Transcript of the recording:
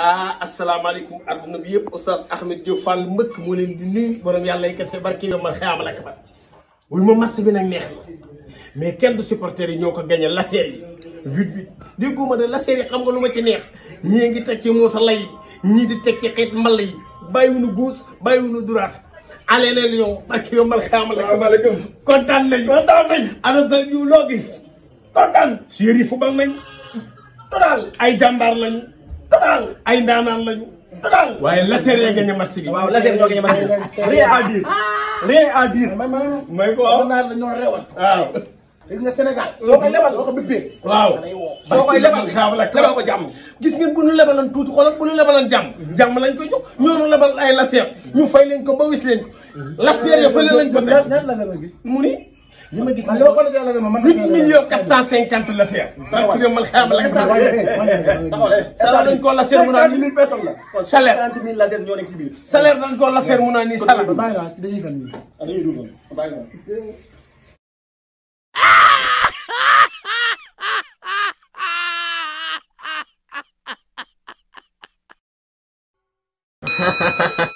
ah asalaamaaleykum adduna bi yëpp oustaz Ahmed Diop Fall mbëkk moo leen di nuyu yàlla yi kese barki yow man xëy la kabar ma match bi nag neex na mais kenn du supporter yi ñoo ko gagné laseer yi vite déggoo ma ne laseer yi xam nga lu ma ci neex ñii ngi teg ci moota lay ñii di teg ci xeet mbal yi bàyyiwuñu guus bàyyiwuñu duraat. allez les lions barki yow man xëy la kabar kontaan nañu kontaan nañu. ana sa loo gis kontaan. chers yi fu bal nañu. ay jàmbaar lañu. total ay ndaanaan lañu. total waaye laser ya gañe match bi. waaw a ñoo gañe match bi. rien à dire. Ah. rien à dire. may may ko waaw ah. naa la ñoo rewal. waaw. gis nga Sénégal soo koy lebal soo ko ko jàmm. gis ngeen bu ñu lebalan tuuti xoolal bu ñu lebalan jàmm. Mhm. jàmm lañ koy jox ñoonu lebal ay laser. Mhm. ñu fay leen ko ba wis leen ko. Mhm. laser ya fële lañ ko teg mu ni. li ma gis ne ah, huit millions quatre cent cinquante la seer. waaw waaw man xaaral la nga salaire dañ koo la seer mu naan nii salaire cinquante mille la seer ñoo nekk ci biir. salaire dañ koo la seer mu naan nii salaire. bàyyi la dañuy fen nii. Ah, dañuy dund ah, bàyyi la. Ha ha ha ha!